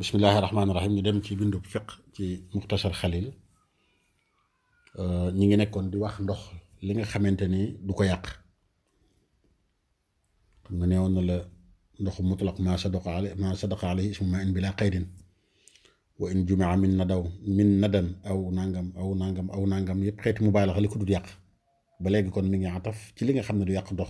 bismillaahi rahmaani rahiim ñu dem ci bindub fiq ci muxtasar xalil euh, ñi ngi nekkoon di wax ndox li nga xamante ni du ko yàq xam nga woon na la ndoxu mutlaq maa sadaqa ale sa sadaqa ale ismu ma in bilaa qaydin wa in jumaa min nadaw min nadan aw nangam aw nangam aw nangam yëpp xeeti mu baalax li ko yàq ba léegi kon mi ngi ataf ci li nga xam ne du yàq ndox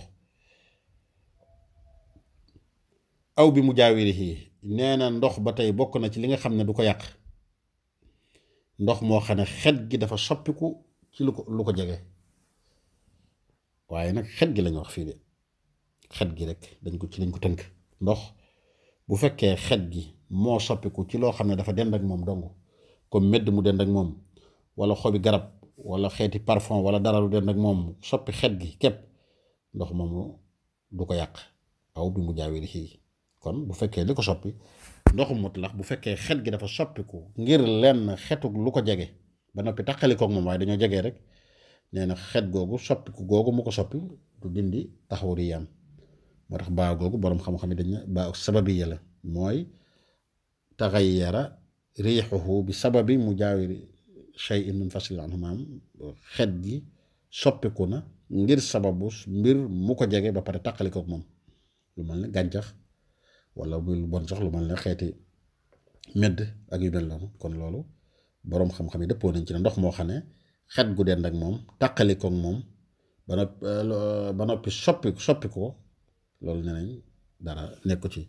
aw bi mu jaawiri nee na ndox ba tey bokk na ci li nga xam ne du ko yàq ndox moo xam ne xet gi dafa soppiku ci lu ko lu ko jege waaye nag xet gi lañu wax fii xet gi rek dañ ko ci lañ ko tënk ndox bu fekkee xet gi moo soppiku ci loo xam ne dafa dend ak moom dong comme medd mu dend ak moom wala xobi garab wala xeeti parfum wala dara lu dend moom soppi xet gi képp ndox moomu du ko yàq aw bi mu jaawee di kon bu fekkee li ko soppi ndoxu lax bu fekkee xet gi dafa soppiku ngir lenn xetuk lu ko jege ba noppi taxali koog moom waaye dañoo jege rek nee na xet googu soppiku googu mu ko soppi du dindi taxawuriyam moo tax baa googu borom xam-xam yi dañu baa sababiya la mooy taxayyara riixuhu bi sababi mu jaawiri shay'in min fasil anhu maam xet gi soppiku na ngir sababu mbir mu ko jege ba pare taxali koog moom lu mel ne gàncax. wala bu bon sax ma mel xeeti medd ak yu mel noonu kon loolu boroom xam-xam yi dëppoo nañ ci ne ndox moo xam ne xet gu dend ak moom tàqali koog moom ba noppi eh, ba noppi soppi soppi ko loolu nee nañ dara nekku ci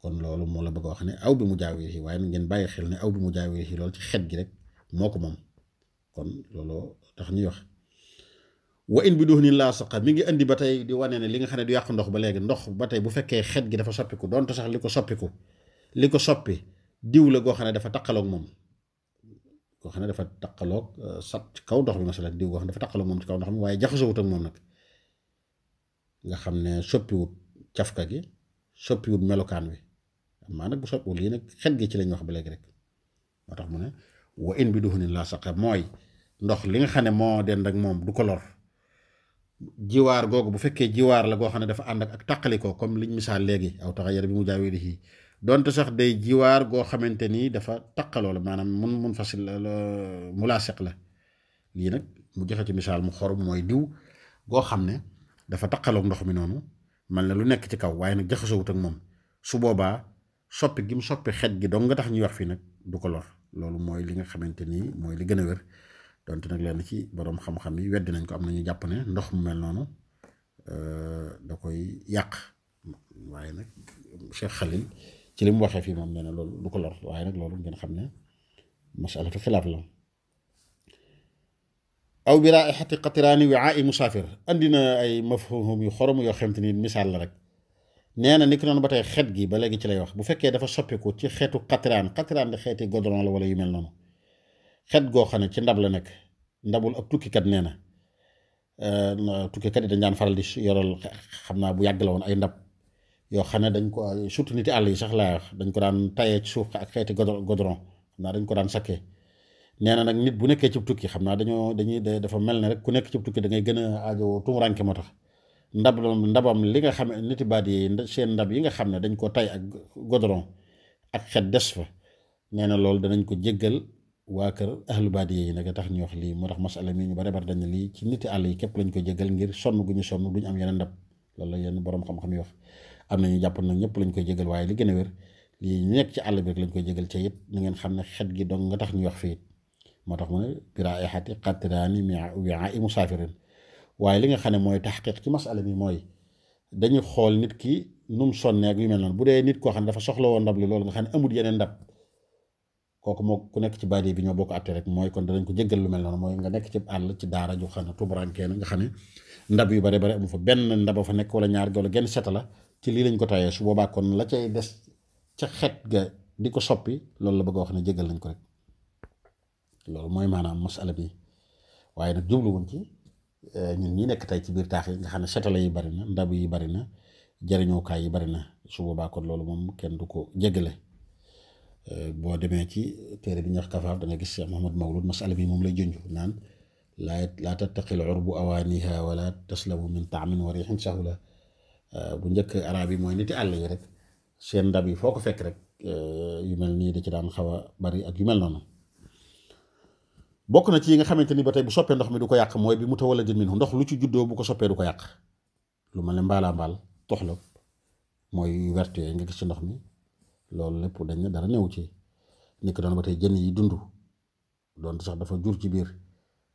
kon loolu moo la bëgg a wax ne aw bi mu jaawee yi waaye ngeen bàyyi xel ne aw bi mu jaawee yi loolu ci xet gi rek moo ko moom kon looloo tax ñuy wax. wa in bi duhni laa saqa mi ngi andi ba tey di wane ne xam ne du yàq ndox ba léegi ndox ba tey bu fekkee xet gi dafa soppiku donte li ko soppiku li ko soppi diw la goo xam ne dafa taqaloog moom goo xam ne dafa taqaloog euh, sat ci kaw ndox mi masalan diw goo dafa taqaloog moom ci kaw ndox mi waaye jaxasowut ak moom nag nga xam ne soppiwut cafka gi soppiwut melokaan wi amaa nag bu soppiwut lii nag xet gi ci lañ wax ba léegi rek moo tax mu ne wa in bi duhni laa saqa mooy ndox li nga xam ne moo den ak moom du ko lor jiwaar googu bu fekkee jiwaar la goo xam ne dafa ànd ak tàqalikoo comme liñ misaal léegi aw taxayar bi mu jaawee di fii donte sax day jiwaar goo xamante nii dafa taqaloo la maanaam mun mun fasil mulaasiq la lii nag mu joxe ci misaal mu xorom mooy diw goo xam ne dafa taqaloog ndox mi noonu man na lu nekk ci kaw waaye nag jaxasowut ak moom su boobaa soppi gi mu soppi xet gi dong nga tax ñuy wax fii nag du ko lor loolu mooy li nga xamante ni mooy li gën a wér donte nag lenn ci boroom xam-xam yi weddi nañ ko am nañu jàpp ne ndox mu mel noonu euh, da koy yàq waaye nag Cheikh Khalil ci li mu waxee fii moom nee na loolu du ko lor waaye nag loolu ngeen xam ne masalatu xilaaf la aw bi raixati qatiraani wiaai musaafir andi na ay mafhum yu xorom yoo xam te ni misaal la rek nee na ni ko noonu ba tey xet gi ba léegi ci lay wax bu fekkee dafa soppiku ci xeetu qatiraan qatiraan di xeeti godron la wala yu mel noonu xet goo xam ne ci ndab la nekk ndabul tukki kat nee na tukkikat yi dañ daan faral di yoral xam naa bu yàgg la woon ay ndab yoo xam ne dañ ko surtout niti àll yi sax dañ ko daan tayee ci suuf ak xeeti godoron xam naa dañ ko daan sakkee nee nag nit bu nekkee ci tukki xam naa dañoo dañuy dafa mel ne rek ku nekk ci tukki da ngay gën a aajowoo tumuranke moo tax ndab ndabam li nga xam ne niti baat yi seen ndab yi nga xam ne dañ ko tay ak godoron ak xet des fa nee na loolu danañ ko jéggal waa kër ahlu baadiya yi nag tax ñu wax lii moo tax masala mi ñu bari bari dañ lii ci niti àll yi képp lañ ko jégal ngir sonn gu ñu sonn duñ am yeneen ndab loolu la yenn boroom xam-xam yi wax am nañu jàpp lañ koy jégal waaye li gën nekk ci àll bi rek koy jégal ca it na ngeen ne xet gi dong nga tax ñu wax fii moo tax mu ne biraaixati qatraani wiaa i musaafirin waaye li nga xam ne mooy taxqiq ci masala mi mooy dañu xool nit ki nu mu sonnee ak yu mel noonu bu dee nit koo xam ne dafa soxla woon ndab li loolu nga xam ne amul yeneen ndab kooku moo ku nekk ci baadi bi ñoo bokk àtte rek mooy kon danañ ko jéggal lu mel noonu mooy nga nekk ci àll ci daara ju xam ne tubarankee na nga xam ne ndab yu bare bare amu fa benn ndaba fa nekk wala ñaar gi wala genn seta la ci lañ ko tayee su boobaa kon la cay des ca xet ga di ko soppi loolu la bëgg wax ne jéggal nañ ko rek loolu mooy maanaam masala bi waaye nag jubluwuñ ci eh, ñun ñi nekk tey ci biir taax yi nga xam ne yi bari na ndab yi bari na jariñookaay yi bari na su boobaa kon loolu moom kenn du ko jéggale Euh, boo demee ci téere bi ñax kafaaf da nga gis Cheikh Mahamad Mawlud masala bi moom lay junj naan laa laa tattaqil urbu awaaniha wala taslamu min taamin wa riixin sahula euh, bu njëkk arab yi mooy niti àll yi rek seen ndab yi foo ko fekk rek euh, yu mel nii da ci daan xaw a bari ak yu mel noonu bokk na ci yi nga xamante ni ba tey bu soppee ndox mi du ko yàq mooy bi mu taw wala jëmin ndox lu ci juddoo bu ko soppee du ko yàq lu mel ne mbaalaa mbaal toxla mooy yu werte nga gis ci ndox mi loolu lépp dañ ne dara newu ci nekk doon ba tey jën yi dund doon sax dafa jur ci biir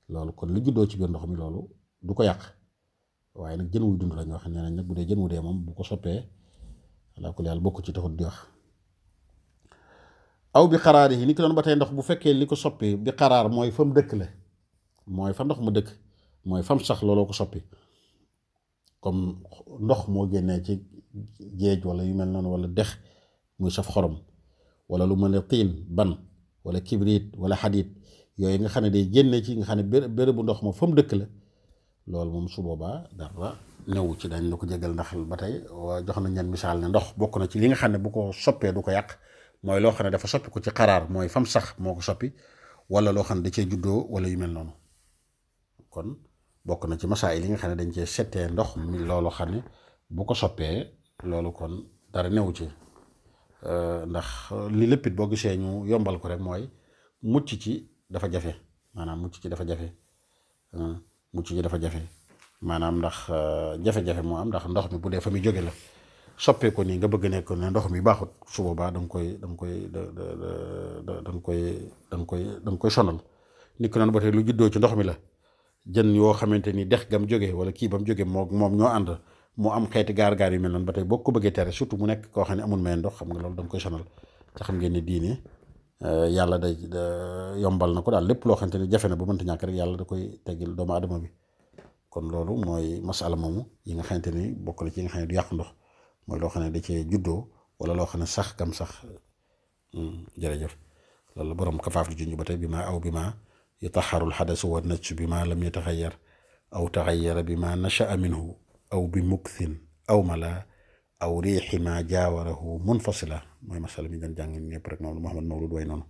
loolu kon lu juddoo ci biir ndox mi loolu du ko yàq waaye nag jën wuy dund lañu wax nee nañ nag bu dee jën wu dee moom bu ko soppee alaa kulli haal bokk ci taxut di wax aw bi xaraar yi ni ki doon ba tey ndox bu fekkee li ko soppi bi xaraar mooy fam dëkk la mooy fa ndox mu dëkk mooy fam sax looloo ko soppi comme ndox moo génnee ci géej wala yu mel noonu wala dex muy saf xorom wala lu mel ne tiin ban wala kibrit wala xadit yooyu nga xam ne day génne ci nga xam ne bérébu ndox ma fa mu dëkk la loolu moom su boobaa dara newu ci dañ la ko jégal ndax ba tey jox nañ leen misaal ndox bokk na ci li nga xam ne bu ko soppee du ko yàq mooy loo xam ne dafa soppi ko ci xaraar mooy fam sax moo ko soppi wala loo xam ne da cee juddoo wala yu mel noonu kon bokk na ci masaa yi li nga xam ne dañ cee settee ndox mi loolu xam ne bu ko soppee loolu kon dara newu ci Euh, ndax euh, li lépp it boo gisee ñu yombal ko rek mooy mucc ci dafa jafe maanaam mucc ci dafa jafe mucc ci dafa jafe maanaam ndax euh, jafe-jafe moo am ndax ndox mi bu dee fa muy jóge la soppee ko nii nga bëgg nekk ne ndox mi baaxut su boobaa da koy da koy da koy da koy da koy sonal nit ko noonu ba tey lu juddoo ci ndox mi la jën yoo xamante ni dex gam jóge wala kii ba mu jóge moo moom ñoo ànd mu am xeeti gaar-gaar yu mel noonu ba tey boo ko bëggee tere surtout mu nekk koo xam ne amul may ndox xam nga loolu da nga koy sonal te xam ngeen ne diine euh, yàlla day yombal na ko daal lépp loo xamante ne jafe na ba mënta ñàkk rek yàlla da koy teggil doomu adama bi kon loolu mooy masala moomu yi nga xamante ni bokk ci yi nga xam ne du yàq ndox mooy loo xam ne da cee juddoo wala loo xam ne sax kam sax hmm, jërëjëf loolu borom kafaaf di junj ba tey bi maa aw bi maa yutaxarul xadasu wa najsu bi maa lam yataxayar aw taxayara bi maa nashaa minhu aw bi muksin aw mala aw riixi ma jaawarahu munfasila mooy masala mi ñu doon jàng ñëpp rek moom lu Muhammad Mawlud way noonu